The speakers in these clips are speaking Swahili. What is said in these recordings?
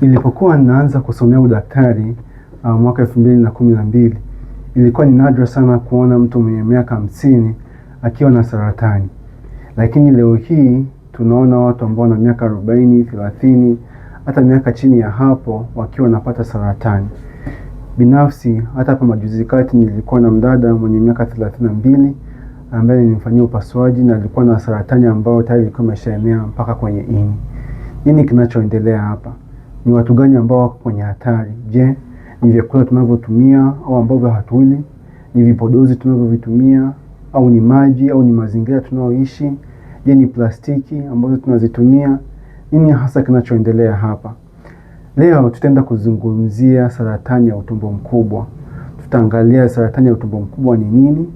Nilipokuwa naanza kusomea udaktari uh, mwaka elfu mbili na kumi na mbili ilikuwa ni nadra sana kuona mtu mwenye miaka hamsini akiwa na saratani, lakini leo hii tunaona watu ambao na miaka arobaini, thelathini, hata miaka chini ya hapo wakiwa wanapata saratani. Binafsi hata hapa majuzi kati nilikuwa na mdada mwenye miaka thelathini na mbili ambaye nilimfanyia upasuaji na alikuwa na saratani ambayo tayari ilikuwa imeshaenea mpaka kwenye ini. Nini kinachoendelea hapa? Ni watu gani ambao wako kwenye hatari? Je, ni vyakula tunavyotumia au ambavyo hatuli? Ni vipodozi tunavyovitumia au ni maji au ni mazingira tunayoishi? Je, ni plastiki ambazo tunazitumia? Nini hasa kinachoendelea hapa? Leo tutaenda kuzungumzia saratani ya utumbo mkubwa. Tutaangalia saratani ya utumbo mkubwa ni nini,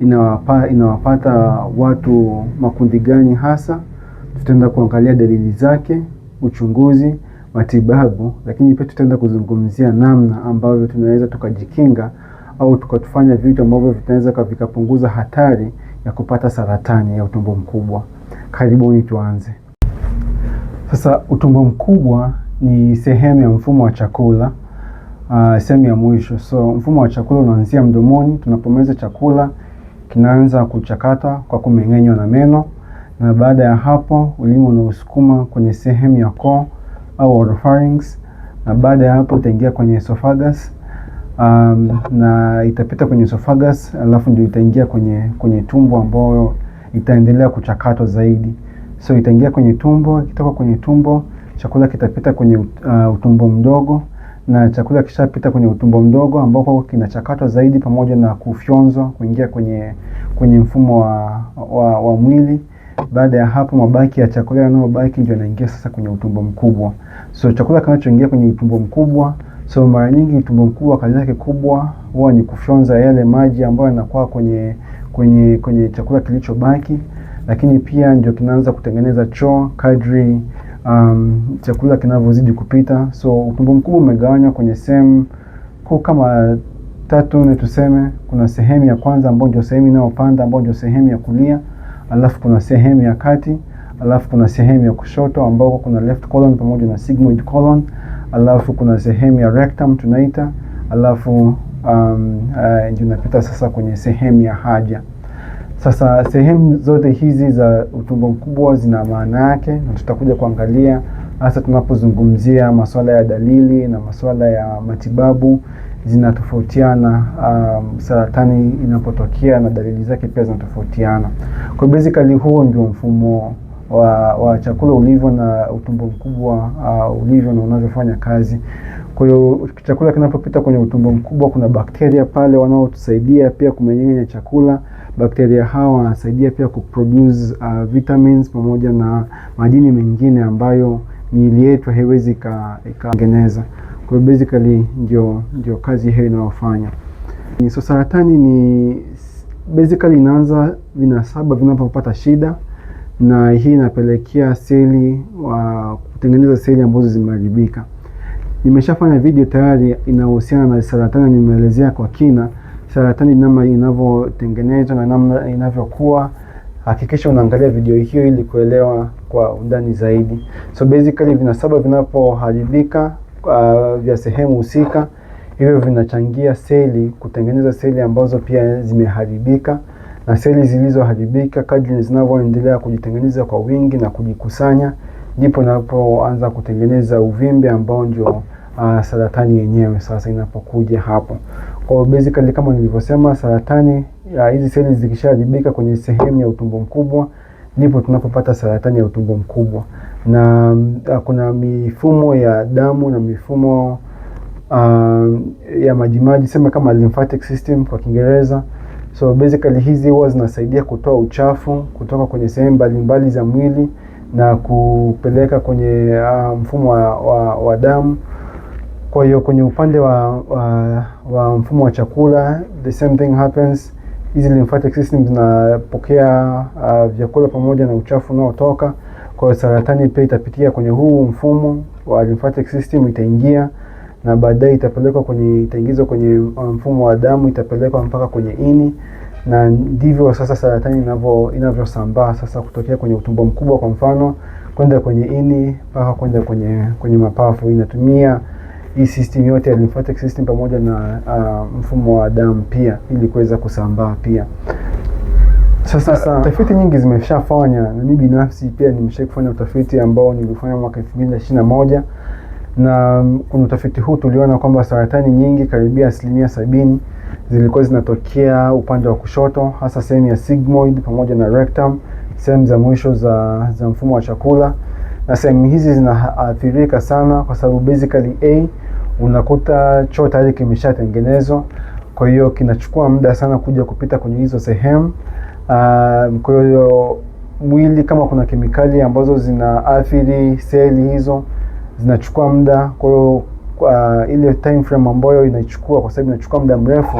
inawapa, inawapata watu makundi gani hasa. Tutaenda kuangalia dalili zake, uchunguzi, matibabu, lakini pia tutaenda kuzungumzia namna ambavyo tunaweza tukajikinga au tukatufanya vitu ambavyo vitaweza vikapunguza hatari ya kupata saratani ya utumbo mkubwa. Karibuni, tuanze sasa. Utumbo mkubwa ni sehemu ya mfumo wa chakula uh, sehemu ya mwisho. So mfumo wa chakula unaanzia mdomoni, tunapomeza chakula kinaanza kuchakata kwa kumeng'enywa na meno, na baada ya hapo ulimi unausukuma kwenye sehemu ya koo au oropharynx, na baada ya hapo itaingia kwenye esophagus um, na itapita kwenye esophagus, alafu ndio itaingia kwenye kwenye tumbo ambayo itaendelea kuchakatwa zaidi. So itaingia kwenye tumbo, ikitoka kwenye tumbo chakula kitapita kwenye uh, utumbo mdogo na chakula kishapita kwenye utumbo mdogo ambako kinachakatwa zaidi pamoja na kufyonzwa kuingia kwenye, kwenye mfumo wa, wa, wa mwili. Baada ya hapo, mabaki ya chakula yanayobaki ndio yanaingia sasa kwenye utumbo mkubwa. So chakula kinachoingia kwenye utumbo mkubwa, so mara nyingi utumbo mkubwa kazi yake kubwa huwa ni kufyonza yale maji ambayo yanakuwa kwenye, kwenye, kwenye chakula kilichobaki, lakini pia ndio kinaanza kutengeneza choo kadri um, chakula kinavyozidi kupita. So utumbo mkubwa umegawanywa kwenye sehemu kuu kama tatu nne tuseme. Kuna sehemu ya kwanza ambayo ndio sehemu inayopanda ambayo ndio sehemu ya kulia, alafu kuna sehemu ya kati, alafu kuna sehemu ya kushoto ambako kuna left colon pamoja na sigmoid colon, alafu kuna sehemu ya rectum tunaita, alafu um, uh, ndio napita sasa kwenye sehemu ya haja. Sasa sehemu zote hizi za utumbo mkubwa zina maana yake, na tutakuja kuangalia hasa tunapozungumzia masuala ya dalili na masuala ya matibabu zinatofautiana. Um, saratani inapotokea na dalili zake pia zinatofautiana. Kwa basically, huo ndio mfumo wa, wa chakula ulivyo na utumbo mkubwa uh, ulivyo na unavyofanya kazi. Kwa hiyo chakula kinapopita kwenye utumbo mkubwa, kuna bakteria pale wanaotusaidia pia kumeng'enya chakula. Bakteria hawa wanasaidia pia kuproduce uh, vitamins pamoja na madini mengine ambayo miili yetu haiwezi ikatengeneza. Kwa hiyo basically ndio, ndio kazi hiyo inayofanya. So saratani ni basically inaanza vinasaba vinapopata shida, na hii inapelekea seli wa uh, kutengeneza seli ambazo zimeharibika. Nimeshafanya video tayari inahusiana na saratani, nimeelezea kwa kina saratani namna inavyotengenezwa na namna inavyokuwa. Hakikisha unaangalia video hiyo ili kuelewa kwa undani zaidi. So basically vinasaba vinapoharibika uh, vya sehemu husika, hivyo vinachangia seli kutengeneza seli ambazo pia zimeharibika, na seli zilizoharibika kadri zinavyoendelea kujitengeneza kwa wingi na kujikusanya, ndipo inapoanza kutengeneza uvimbe ambao ndio uh, saratani yenyewe sasa inapokuja hapo. Kwa hiyo basically kama nilivyosema, saratani hizi seli zikisharibika kwenye sehemu ya utumbo mkubwa ndipo tunapopata saratani ya utumbo mkubwa, na uh, kuna mifumo ya damu na mifumo uh, ya majimaji, sema kama lymphatic system kwa Kiingereza. So basically hizi huwa zinasaidia kutoa uchafu kutoka kwenye sehemu mbalimbali za mwili na kupeleka kwenye uh, mfumo wa, wa, wa damu kwa hiyo kwenye upande wa, wa, wa mfumo wa chakula the same thing happens. Hizi lymphatic system zinapokea uh, vyakula pamoja na uchafu unaotoka. Kwa hiyo saratani pia itapitia kwenye huu mfumo wa lymphatic system, itaingia na baadaye itapelekwa kwenye, itaingizwa kwenye uh, mfumo wa damu, itapelekwa mpaka kwenye ini, na ndivyo sasa saratani inavyo inavyosambaa sasa kutokea kwenye utumbo mkubwa kwa mfano kwenda kwenye ini mpaka kwenda kwenye kwenye mapafu inatumia hii system yote ya lymphatic system pamoja na uh, mfumo wa damu pia ili kuweza kusambaa pia. Sasa, sasa tafiti nyingi zimeshafanya na mimi binafsi pia nimesha kufanya utafiti ambao nilifanya mwaka 2021 na kuna um, utafiti huu tuliona kwamba saratani nyingi karibia asilimia sabini zilikuwa zinatokea upande wa kushoto, hasa sehemu ya sigmoid pamoja na rectum, sehemu za mwisho za, za mfumo wa chakula, na sehemu hizi zinaathirika uh, sana kwa sababu basically A unakuta choo tayari kimeshatengenezwa, kwa hiyo kinachukua muda sana kuja kupita kwenye hizo sehemu. Ah, kwa hiyo mwili, kama kuna kemikali ambazo zinaathiri seli hizo, zinachukua muda. Kwa hiyo uh, ile time frame ambayo inachukua kwa sababu inachukua muda mrefu,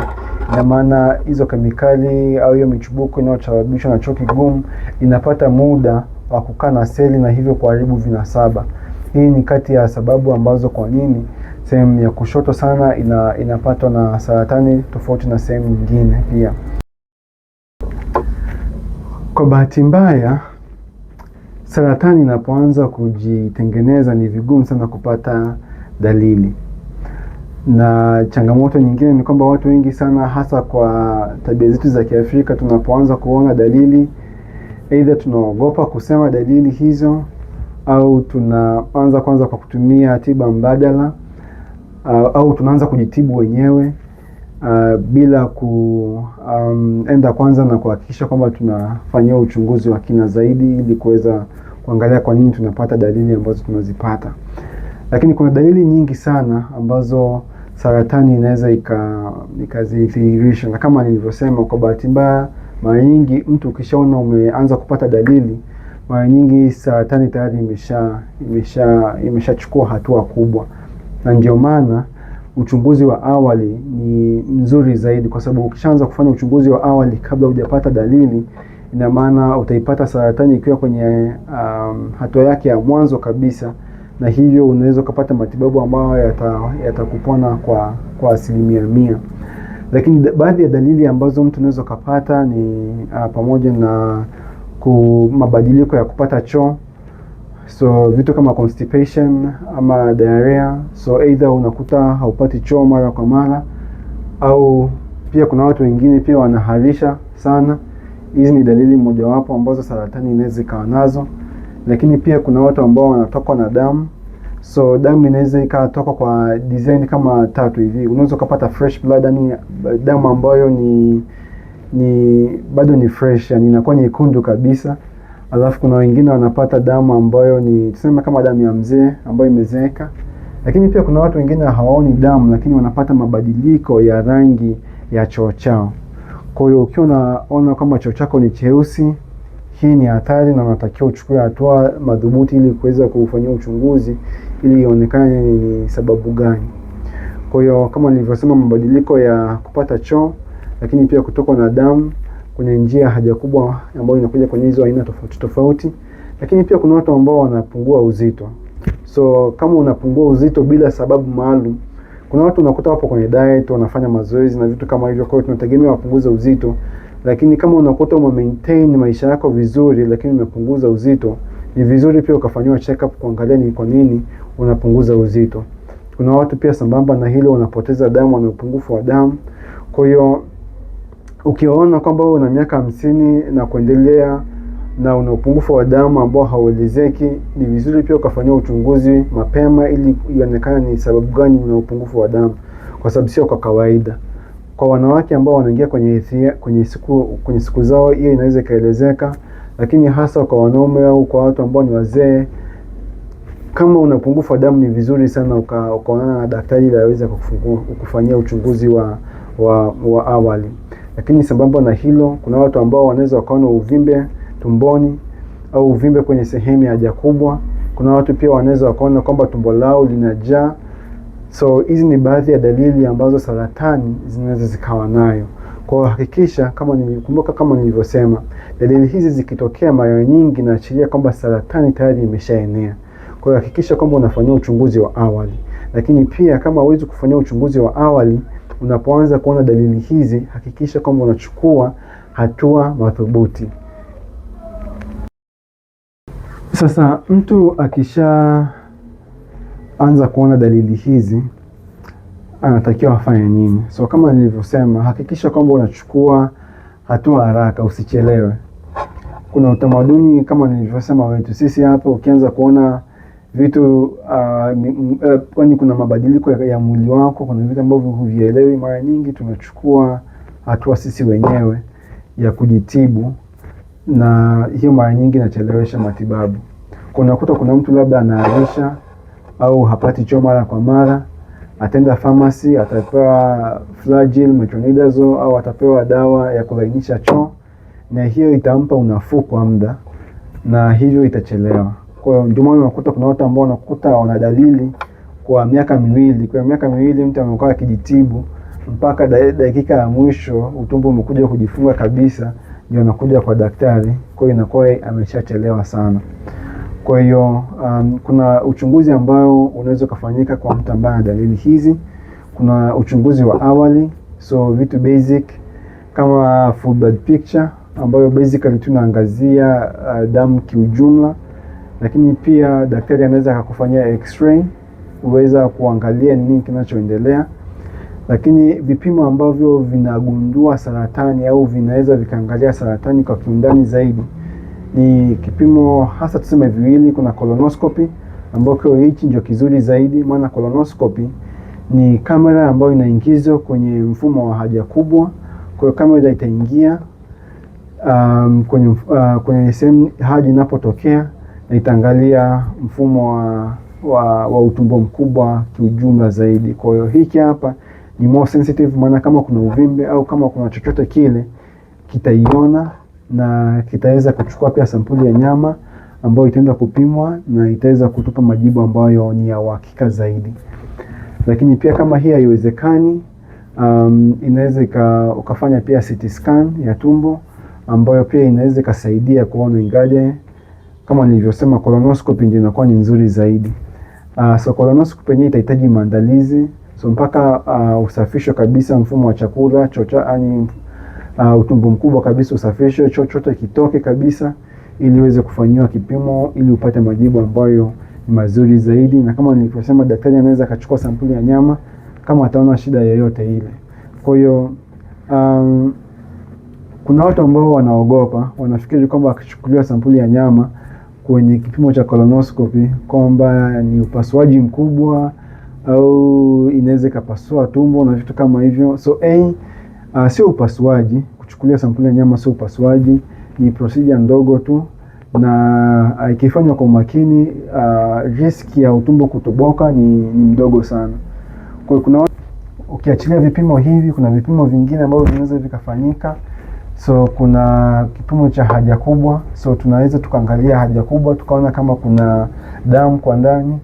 ina maana hizo kemikali au hiyo michubuko inayosababishwa na choo kigumu inapata muda wa kukaa na seli na hivyo kuharibu vinasaba. Hii ni kati ya sababu ambazo kwa nini sehemu ya kushoto sana ina, inapatwa na saratani tofauti na sehemu nyingine. Pia kwa bahati mbaya saratani inapoanza kujitengeneza ni vigumu sana kupata dalili, na changamoto nyingine ni kwamba watu wengi sana, hasa kwa tabia zetu za Kiafrika, tunapoanza kuona dalili, aidha tunaogopa kusema dalili hizo au tunaanza kwanza kwa kutumia tiba mbadala au, au tunaanza kujitibu wenyewe uh, bila kuenda um, kwanza na kuhakikisha kwamba tunafanyia uchunguzi wa kina zaidi ili kuweza kuangalia kwa nini tunapata dalili ambazo tunazipata. Lakini kuna dalili nyingi sana ambazo saratani inaweza ikazidhihirisha, na kama nilivyosema, kwa bahati mbaya, mara nyingi mtu ukishaona umeanza kupata dalili mara nyingi saratani tayari imesha imesha imeshachukua hatua kubwa, na ndio maana uchunguzi wa awali ni mzuri zaidi, kwa sababu ukishaanza kufanya uchunguzi wa awali kabla hujapata dalili, ina maana utaipata saratani ikiwa kwenye um, hatua yake ya mwanzo kabisa, na hivyo unaweza ukapata matibabu ambayo yatakupona yata kwa, kwa asilimia mia. Lakini baadhi ya dalili ambazo mtu unaweza ukapata ni uh, pamoja na ku, mabadiliko ya kupata choo, so vitu kama constipation ama diarrhea. So either unakuta haupati choo mara kwa mara, au pia kuna watu wengine pia wanaharisha sana. Hizi ni dalili mojawapo ambazo saratani inaweza ikawa nazo, lakini pia kuna watu ambao wanatokwa na damu so damu inaweza ikatoka kwa design kama tatu hivi. Unaweza ukapata fresh blood, yani damu ambayo ni ni bado ni fresh, yani inakuwa nyekundu kabisa. Alafu kuna wengine wanapata damu ambayo ni tuseme kama damu ya mzee ambayo imezeeka, lakini pia kuna watu wengine hawaoni damu, lakini wanapata mabadiliko ya rangi ya choo chao. Kwa hiyo ukiwa unaona kama choo chako ni cheusi, hii ni hatari na unatakiwa uchukue hatua madhubuti ili kuweza kufanyia uchunguzi ili ionekane ni sababu gani. Kwa hiyo kama nilivyosema, mabadiliko ya kupata choo lakini pia kutokwa na damu kwenye njia haja kubwa ambayo inakuja kwenye hizo aina tofauti tofauti, lakini pia kuna watu ambao wanapungua uzito. So kama unapungua uzito bila sababu maalum, kuna watu unakuta wapo kwenye diet, wanafanya mazoezi na vitu kama hivyo, kwa hiyo tunategemea wapunguze uzito, lakini kama unakuta ume maintain maisha yako vizuri, lakini unapunguza uzito, ni vizuri pia ukafanyiwa check up kuangalia ni kwa nini unapunguza uzito. Kuna watu pia sambamba na hilo wanapoteza damu, wana upungufu wa damu, kwa hiyo ukiona kwamba una miaka hamsini na kuendelea na una upungufu wa damu ambao hauelezeki, ni vizuri pia ukafanyia uchunguzi mapema ili ionekane ni sababu gani una upungufu wa damu, kwa sababu sio kwa kawaida. Kwa wanawake ambao wanaingia kwenye ethia, kwenye siku kwenye siku zao, hiyo inaweza ikaelezeka, lakini hasa kwa wanaume au kwa watu ambao ni wazee, kama una upungufu wa damu, ni vizuri sana ukaonana na daktari ili aweze kukufanyia uchunguzi wa, wa, wa awali. Lakini sambamba na hilo, kuna watu ambao wanaweza wakaona uvimbe tumboni au uvimbe kwenye sehemu ya haja kubwa. Kuna watu pia wanaweza wakaona kwamba tumbo lao linajaa. So hizi ni baadhi ya dalili ambazo saratani zinaweza zikawa nayo. Kwa hakikisha kama nilikumbuka, kama nilivyosema, dalili hizi zikitokea mara nyingi, inaashiria kwamba saratani tayari imeshaenea. Kwa hakikisha kwamba unafanyia uchunguzi wa awali, lakini pia kama huwezi kufanyia uchunguzi wa awali Unapoanza kuona dalili hizi, hakikisha kwamba unachukua hatua madhubuti. Sasa mtu akishaanza kuona dalili hizi anatakiwa afanye nini? So kama nilivyosema, hakikisha kwamba unachukua hatua haraka, usichelewe. Kuna utamaduni kama nilivyosema wetu sisi hapo ukianza kuona vitu uh, kwani kuna mabadiliko ya mwili wako, kuna vitu ambavyo huvielewi. Mara nyingi tunachukua hatua sisi wenyewe ya kujitibu, na hiyo mara nyingi inachelewesha matibabu. Kunakuta kuna mtu labda anaharisha au hapati choo mara kwa mara, ataenda pharmacy, atapewa Flagyl, metronidazole au atapewa dawa ya kulainisha choo, na hiyo itampa unafuu kwa muda na hivyo itachelewa. Kwa hiyo ndio maana unakuta kuna watu ambao unakuta wana dalili kwa miaka miwili. Kwa miaka miwili mtu amekuwa akijitibu mpaka dakika ya mwisho utumbo umekuja kujifunga kabisa, ndio anakuja kwa daktari. Kwa hiyo inakuwa ameshachelewa sana. Kwa hiyo um, kuna uchunguzi ambao unaweza ukafanyika kwa mtu ambaye ana dalili hizi. Kuna uchunguzi wa awali, so vitu basic kama full blood picture ambayo basically tunaangazia uh, damu kiujumla lakini pia daktari anaweza akakufanyia x-ray uweza kuangalia nini kinachoendelea, lakini vipimo ambavyo vinagundua saratani au vinaweza vikaangalia saratani kwa kiundani zaidi ni kipimo hasa tuseme viwili. Kuna colonoscopy ambayo hichi ndio kizuri zaidi, maana colonoscopy ni kamera ambayo inaingizwa kwenye mfumo wa haja kubwa. Kwa hiyo kamera itaingia um, kwenye, uh, kwenye sehemu haja inapotokea nitaangalia mfumo wa, wa, wa utumbo mkubwa kiujumla zaidi. Kwa hiyo hiki hapa ni more sensitive, maana kama kuna uvimbe au kama kuna chochote kile kitaiona na kitaweza kuchukua pia sampuli ya nyama ambayo itaenda kupimwa na itaweza kutupa majibu ambayo ni ya uhakika zaidi. Lakini pia kama hii haiwezekani, um, inaweza ka, ukafanya pia CT scan ya tumbo ambayo pia inaweza ikasaidia kuona ingaje kama nilivyosema, colonoscopy ndio inakuwa ni nzuri zaidi. Uh, so colonoscopy yenyewe itahitaji maandalizi, so mpaka uh, ah, usafisho kabisa mfumo wa chakula chocha, yani uh, utumbo mkubwa kabisa usafisho, chochote kitoke kabisa, ili uweze kufanyiwa kipimo ili upate majibu ambayo ni mazuri zaidi. Na kama nilivyosema, daktari anaweza akachukua sampuli ya nyama kama ataona shida yoyote ile. Kwa hiyo um, kuna watu ambao wanaogopa, wanafikiri kwamba akichukuliwa sampuli ya nyama kwenye kipimo cha colonoscopy kwamba ni upasuaji mkubwa au inaweza ikapasua tumbo na vitu kama hivyo. So a uh, sio upasuaji. Kuchukulia sampuli ya nyama sio upasuaji, ni procedure ndogo tu, na uh, ikifanywa kwa umakini uh, riski ya utumbo kutoboka ni, ni mdogo sana. Kwa hiyo kuna ukiachilia vipimo hivi, kuna vipimo vingine ambavyo vinaweza vikafanyika. So kuna kipimo cha haja kubwa, so tunaweza tukaangalia haja kubwa tukaona kama kuna damu kwa ndani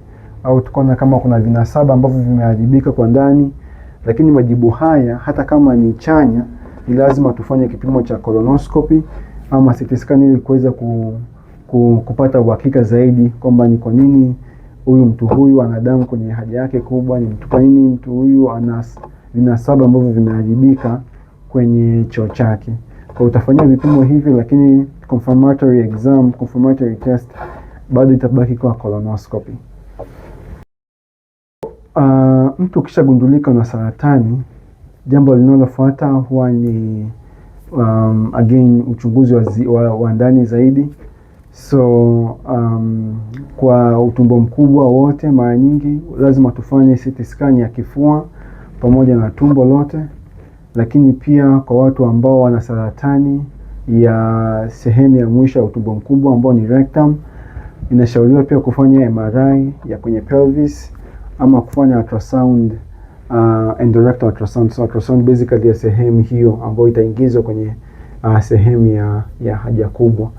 au tukaona kama kuna vinasaba ambavyo vimeharibika kwa ndani. Lakini majibu haya hata kama ni chanya, ni lazima tufanye kipimo cha colonoscopy ama CT scan ili kuweza ku, ku, kupata uhakika zaidi kwamba ni kwa nini huyu mtu huyu ana damu kwenye haja yake kubwa, ni mtu kwa nini mtu huyu ana vinasaba ambavyo vimeharibika kwenye choo chake utafanyia vipimo hivi, lakini confirmatory exam, confirmatory test bado itabaki kwa colonoscopy. Uh, mtu ukishagundulika na saratani, jambo linalofuata huwa ni um, again uchunguzi wa, zi, wa, wa ndani zaidi. So um, kwa utumbo mkubwa wote mara nyingi lazima tufanye CT scan ya kifua pamoja na tumbo lote lakini pia kwa watu ambao wana saratani ya sehemu ya mwisho ya utumbo mkubwa ambao ni rectum, inashauriwa pia kufanya MRI ya kwenye pelvis ama kufanya ultrasound uh, endorectal ultrasound. So ultrasound basically ya sehemu hiyo ambayo itaingizwa kwenye uh, sehemu ya, ya haja kubwa.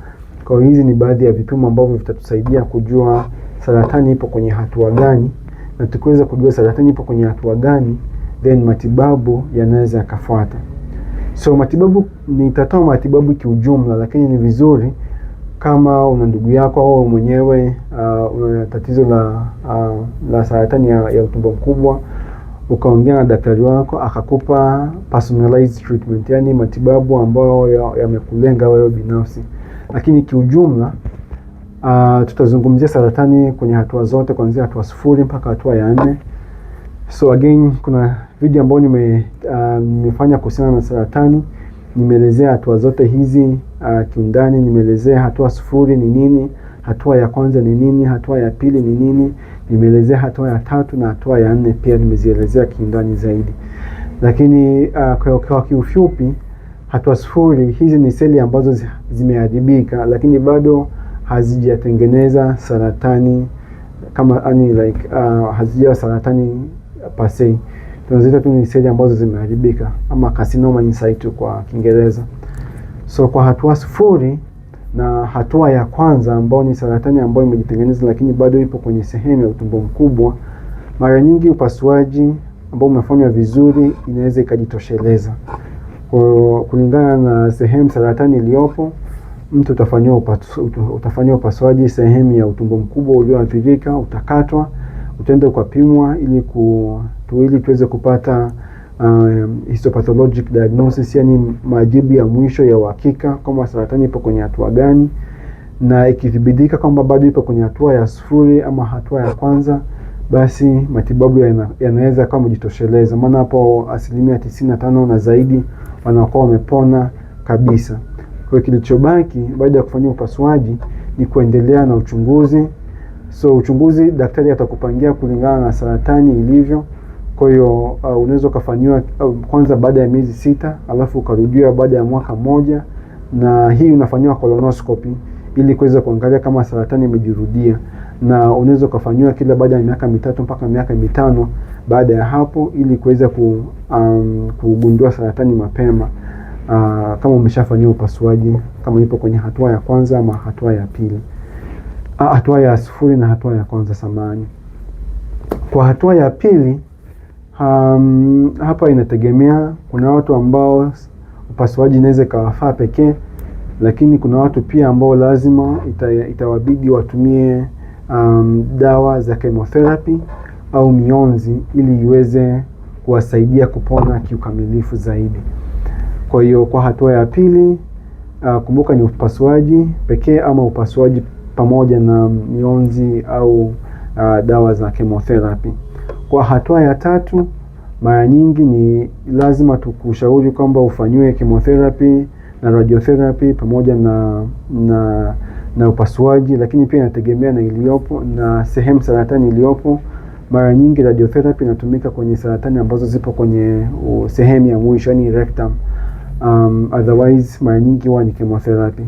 Kwa hiyo hizi ni baadhi ya vipimo ambavyo vitatusaidia kujua saratani ipo kwenye hatua gani, na tukiweza kujua saratani ipo kwenye hatua gani then matibabu yanaweza yakafuata. So matibabu, nitatoa matibabu kiujumla, lakini ni vizuri kama una ndugu yako au mwenyewe uh, una tatizo la, uh, la saratani ya, ya utumbo mkubwa ukaongea na daktari wako akakupa personalized treatment, yani matibabu ambayo yamekulenga ya wewe binafsi. Lakini kiujumla uh, tutazungumzia saratani kwenye hatua zote kuanzia hatua sufuri mpaka hatua ya nne. So again kuna video ambayo uh, nimefanya uh, kuhusiana na saratani. Nimeelezea hatua zote hizi uh, kiundani. Nimeelezea hatua sufuri ni nini, hatua ya kwanza ni nini, hatua ya pili ni nini. Nimeelezea hatua ya tatu na hatua ya nne pia nimezielezea kiundani zaidi, lakini uh, kwa kiufupi, hatua sufuri hizi ni seli ambazo zimeadhibika lakini bado hazijatengeneza saratani kama ani, like uh, hazijawa saratani Uh, pasei, tunazita tu ni seli ambazo zimeharibika ama carcinoma in situ kwa Kiingereza. So kwa hatua sufuri na hatua ya kwanza ambayo ni saratani ambayo imejitengeneza lakini bado ipo kwenye sehemu ya utumbo mkubwa, mara nyingi upasuaji ambao umefanywa vizuri inaweza ikajitosheleza kulingana na sehemu saratani iliyopo. Mtu utafanyiwa upasuaji sehemu ya utumbo mkubwa ulioathirika, utakatwa utaenda ukapimwa ili ku, ili tuweze kupata um, histopathologic diagnosis, yani majibu ya mwisho ya uhakika kwamba saratani ipo kwenye hatua gani, na ikithibitika kwamba bado ipo kwenye hatua ya sufuri ama hatua ya kwanza, basi matibabu yanaweza yana kama kujitosheleza, maana hapo asilimia tisini na tano na zaidi wanakuwa wamepona kabisa. Kwa hiyo kilichobaki baada ya kufanyia upasuaji ni kuendelea na uchunguzi So uchunguzi daktari atakupangia kulingana na saratani ilivyo. Kwa hiyo uh, unaweza ukafanyiwa uh, kwanza baada ya miezi sita, alafu ukarudiwa baada ya mwaka mmoja, na hii unafanyiwa colonoscopy ili kuweza kuangalia kama saratani imejirudia, na unaweza ukafanyiwa kila baada ya miaka mitatu mpaka miaka mitano baada ya hapo, ili kuweza ku, um, kugundua saratani mapema uh, kama umeshafanyiwa upasuaji, kama ipo kwenye hatua ya kwanza ama hatua ya pili. Ah, hatua ya sifuri na hatua ya kwanza samani. Kwa hatua ya pili um, hapa inategemea, kuna watu ambao upasuaji inaweza ikawafaa pekee, lakini kuna watu pia ambao lazima ita, itawabidi watumie um, dawa za chemotherapy au mionzi ili iweze kuwasaidia kupona kiukamilifu zaidi. Kwa hiyo kwa hatua ya pili uh, kumbuka ni upasuaji pekee ama upasuaji pamoja na mionzi au uh, dawa za chemotherapy. Kwa hatua ya tatu, mara nyingi ni lazima tukushauri kwamba ufanyiwe chemotherapy na radiotherapy pamoja na, na, na upasuaji, lakini pia inategemea na iliyopo na sehemu saratani iliyopo. Mara nyingi radiotherapy inatumika kwenye saratani ambazo zipo kwenye sehemu ya mwisho, yani rectum. Um, otherwise mara nyingi huwa ni chemotherapy.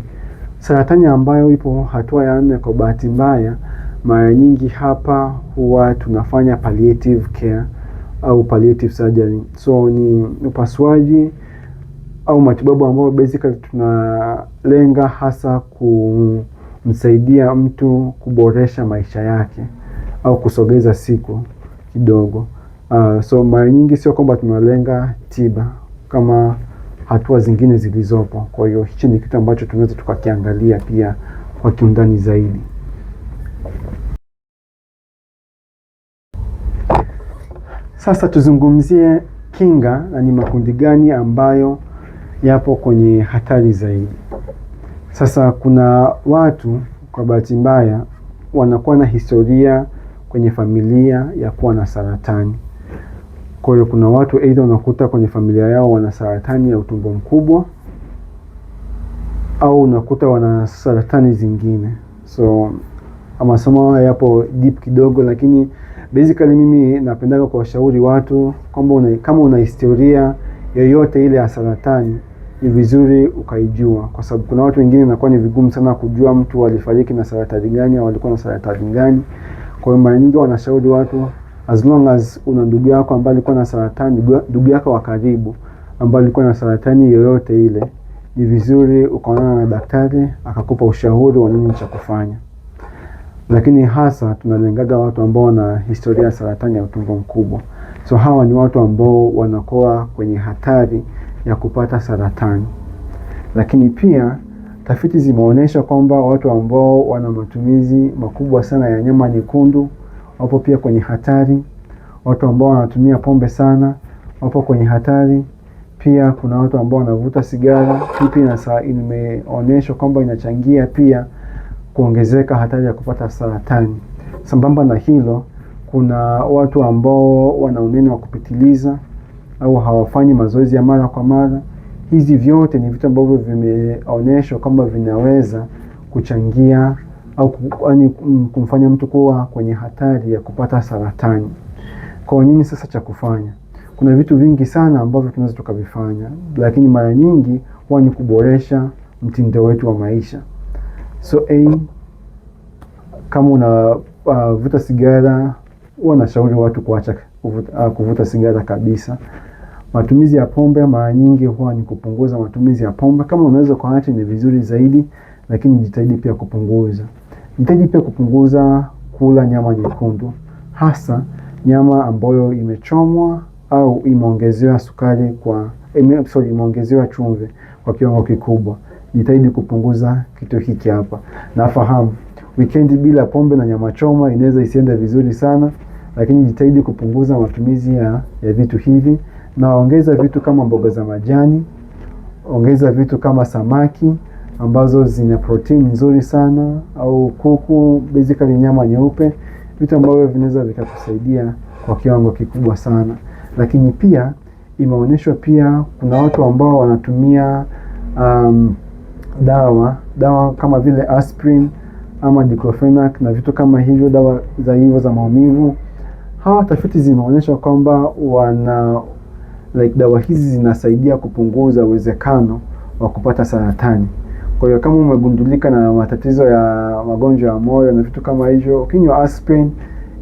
Saratani ambayo ipo hatua ya nne, kwa bahati mbaya, mara nyingi hapa huwa tunafanya palliative care au palliative surgery. So ni upasuaji au matibabu ambayo basically tunalenga hasa kumsaidia mtu kuboresha maisha yake au kusogeza siku kidogo. Uh, so mara nyingi sio kwamba tunalenga tiba kama hatua zingine zilizopo. Kwa hiyo hichi ni kitu ambacho tunaweza tukakiangalia pia kwa kiundani zaidi. Sasa tuzungumzie kinga na ni makundi gani ambayo yapo kwenye hatari zaidi. Sasa kuna watu kwa bahati mbaya wanakuwa na historia kwenye familia ya kuwa na saratani. Kwa hiyo kuna watu aidha unakuta kwenye familia yao wana saratani ya utumbo mkubwa au unakuta wana saratani zingine. So masomo haya yapo deep kidogo, lakini basically mimi napendaga kuwashauri watu kwamba una, kama una historia yoyote ile ya saratani ni vizuri ukaijua, kwa sababu kuna watu wengine inakuwa ni vigumu sana kujua mtu alifariki na saratani gani au alikuwa na saratani gani. Kwa hiyo mara nyingi wanashauri watu as long as una ndugu yako ambaye alikuwa na saratani, ndugu yako wa karibu ambaye alikuwa na saratani yoyote ile, ni vizuri ukaonana na daktari akakupa ushauri wa nini cha kufanya. Lakini hasa tunalengaga watu ambao wana historia ya saratani ya utumbo mkubwa, so hawa ni watu ambao wanakuwa kwenye hatari ya kupata saratani. Lakini pia tafiti zimeonyesha kwamba watu ambao wana matumizi makubwa sana ya nyama nyekundu wapo pia kwenye hatari. Watu ambao wanatumia pombe sana wapo kwenye hatari pia. Kuna watu ambao wanavuta sigara. Hii imeonyeshwa kwamba inachangia pia kuongezeka hatari ya kupata saratani. Sambamba na hilo, kuna watu ambao wana unene wa kupitiliza au hawafanyi mazoezi ya mara kwa mara. Hizi vyote ni vitu ambavyo vimeonyeshwa kwamba vinaweza kuchangia au mm, kumfanya mtu kuwa kwenye hatari ya kupata saratani. Kwa nini sasa cha kufanya? Kuna vitu vingi sana ambavyo tunaweza tukavifanya, lakini mara nyingi huwa ni kuboresha mtindo wetu wa maisha. So a hey, kama unavuta uh, sigara huwa nashauri watu kuacha kuvuta, uh, kuvuta sigara kabisa. Matumizi ya pombe mara nyingi huwa ni kupunguza matumizi ya pombe. Kama unaweza kuacha ni vizuri zaidi, lakini jitahidi pia kupunguza. Jitahidi pia kupunguza kula nyama nyekundu, hasa nyama ambayo imechomwa au imeongezewa sukari kwa sorry, imeongezewa chumvi kwa kiwango kikubwa. Jitahidi kupunguza kitu hiki hapa. Nafahamu wikendi bila pombe na nyama choma inaweza isiende vizuri sana, lakini jitahidi kupunguza matumizi ya, ya vitu hivi na ongeza vitu kama mboga za majani, ongeza vitu kama samaki ambazo zina protini nzuri sana, au kuku, basically nyama nyeupe, vitu ambavyo vinaweza vikakusaidia kwa kiwango kikubwa sana. Lakini pia imeonyeshwa pia kuna watu ambao wanatumia um, dawa dawa kama vile aspirin ama diclofenac na vitu kama hivyo, dawa za hivyo za maumivu. Hawa tafiti zimeonyesha kwamba wana like dawa hizi zinasaidia kupunguza uwezekano wa kupata saratani. Kwa hiyo kama umegundulika na matatizo ya magonjwa ya moyo na vitu kama hivyo, ukinywa aspirin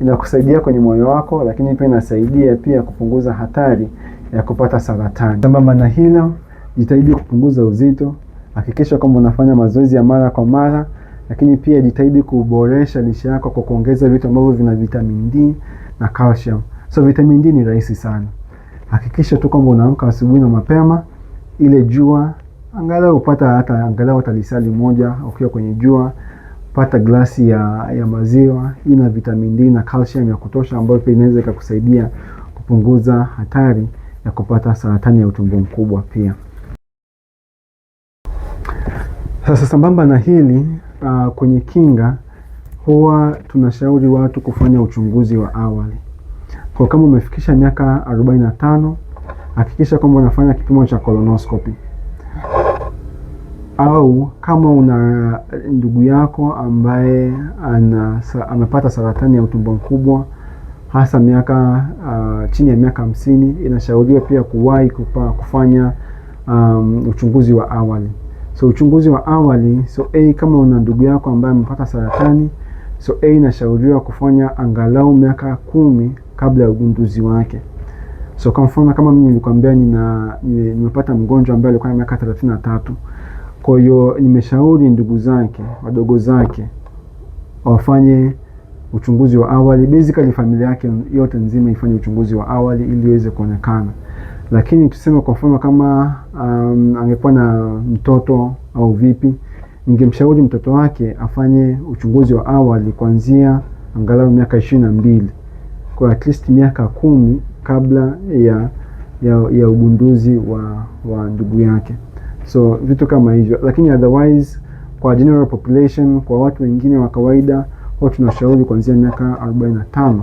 inakusaidia kwenye moyo wako, lakini pia inasaidia pia kupunguza hatari ya kupata saratani. Sambamba na hilo, jitahidi kupunguza uzito, hakikisha kwamba unafanya mazoezi ya mara kwa mara, lakini pia jitahidi kuboresha lishe yako kwa kuongeza vitu ambavyo vina vitamin D na calcium. So vitamin D ni rahisi sana, hakikisha tu kwamba unaamka asubuhi na mapema, ile jua angalau upata hata angalau hata lisali moja ukiwa kwenye jua. Pata glasi ya, ya maziwa. Ina vitamin D na calcium ya kutosha, ambayo pia inaweza ikakusaidia kupunguza hatari ya kupata saratani ya utumbo mkubwa pia. Sasa sambamba na hili uh, kwenye kinga huwa tunashauri watu kufanya uchunguzi wa awali. Kwa kama umefikisha miaka 45 hakikisha kwamba unafanya kipimo cha colonoscopy au kama una ndugu yako ambaye ana, amepata saratani ya utumbo mkubwa hasa miaka uh, chini ya miaka hamsini, inashauriwa pia kuwahi kufanya um, uchunguzi wa awali. So uchunguzi wa awali so a, kama una ndugu yako ambaye amepata saratani so a, inashauriwa kufanya angalau miaka kumi kabla ya ugunduzi wake. So kwa mfano kama mimi nilikwambia nina nimepata mgonjwa ambaye alikuwa na miaka thelathini na tatu kwa hiyo nimeshauri ndugu zake wadogo zake wafanye uchunguzi wa awali, basically familia yake yote nzima ifanye uchunguzi wa awali ili iweze kuonekana. Lakini tuseme kwa mfano kama um, angekuwa na mtoto au vipi, ningemshauri mtoto wake afanye uchunguzi wa awali kuanzia angalau miaka ishirini na mbili kwa at least miaka kumi kabla ya ya, ya ugunduzi wa, wa ndugu yake so vitu kama hivyo, lakini otherwise kwa general population, kwa watu wengine wa kawaida huwa tunashauri kuanzia miaka 45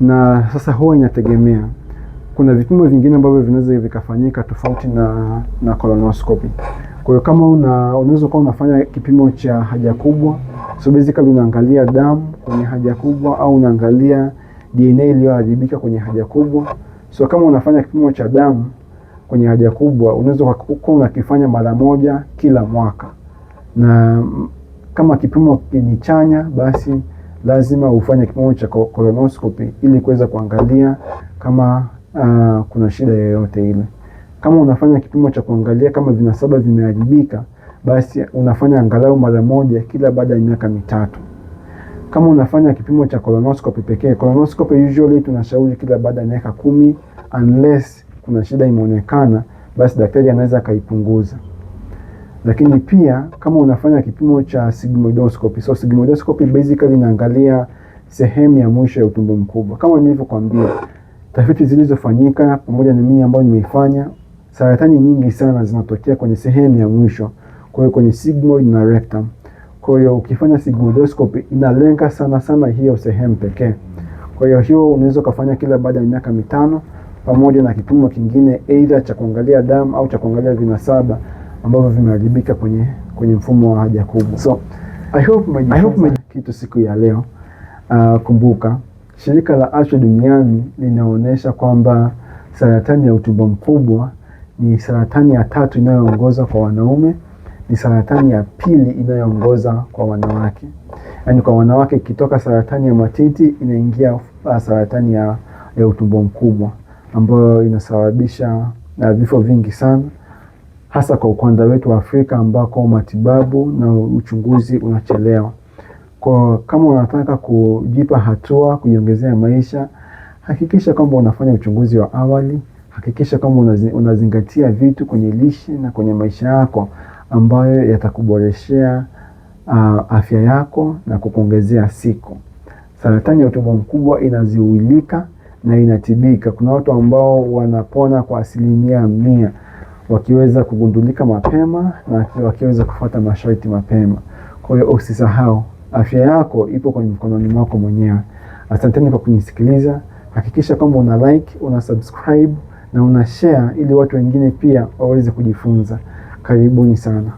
na sasa huwa inategemea kuna vipimo vingine ambavyo vinaweza vikafanyika tofauti na na colonoscopy. Kwa hiyo kama una unaweza kuwa unafanya kipimo cha haja kubwa, so basically unaangalia damu kwenye haja kubwa au unaangalia DNA iliyoharibika kwenye haja kubwa. So kama unafanya kipimo cha damu kwenye haja kubwa unaweza ukawa unakifanya mara moja kila mwaka, na kama kipimo ni chanya, basi lazima ufanye kipimo cha colonoscopy ili kuweza kuangalia kama uh, kuna shida yoyote ile. Kama unafanya kipimo cha kuangalia kama vinasaba vimeharibika, basi unafanya angalau mara moja kila baada ya miaka mitatu. Kama unafanya kipimo cha colonoscopy pekee, colonoscopy usually tunashauri kila baada ya miaka kumi unless kuna shida imeonekana, basi daktari anaweza akaipunguza. Lakini pia kama unafanya kipimo cha sigmoidoscopy. So sigmoidoscopy basically inaangalia sehemu ya mwisho ya utumbo mkubwa. Kama nilivyokuambia, tafiti zilizofanyika pamoja na mimi ambayo nimeifanya, saratani nyingi sana zinatokea kwenye sehemu ya mwisho, kwa hiyo kwenye sigmoid na rectum. Kwa hiyo ukifanya sigmoidoscopy inalenga sana sana hiyo sehemu pekee. Kwa hiyo hiyo unaweza ukafanya kila baada ya miaka mitano pamoja na kipimo kingine aidha cha kuangalia damu au cha kuangalia vinasaba ambavyo vimeharibika kwenye, kwenye mfumo wa haja kubwa. So I hope mmejifunza kitu siku ya leo. Uh, kumbuka shirika la afya duniani linaonyesha kwamba saratani ya utumbo mkubwa ni saratani ya tatu inayoongoza kwa wanaume, ni saratani ya pili inayoongoza kwa wanawake. Yaani kwa wanawake ikitoka saratani ya matiti inaingia uh, saratani ya, ya utumbo mkubwa ambayo inasababisha eh, vifo vingi sana, hasa kwa ukanda wetu wa Afrika ambako matibabu na uchunguzi unachelewa. Kwa kama unataka kujipa hatua kujiongezea maisha, hakikisha kwamba unafanya uchunguzi wa awali, hakikisha kwamba unazingatia vitu kwenye lishe na kwenye maisha yako ambayo yatakuboreshea uh, afya yako na kukuongezea siku. Saratani ya utumbo mkubwa inaziwilika na inatibika. Kuna watu ambao wanapona kwa asilimia mia wakiweza kugundulika mapema na wakiweza kufuata masharti mapema. Kwa hiyo usisahau, afya yako ipo kwenye mkononi mwako mwenyewe. Asanteni kwa kunisikiliza. Hakikisha kwamba una like, una subscribe na una share ili watu wengine pia waweze kujifunza. Karibuni sana.